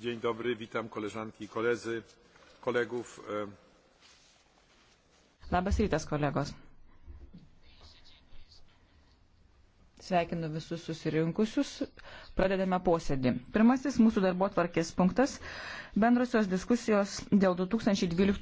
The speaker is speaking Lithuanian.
Dzień dobry, witam koleżanki i koledzy, kolegów. E, Labas rytas, kolegos. Sveikinu visus susirinkusius. Pradedame posėdį. Pirmasis mūsų darbo tvarkės punktas - bendrosios diskusijos dėl 2012.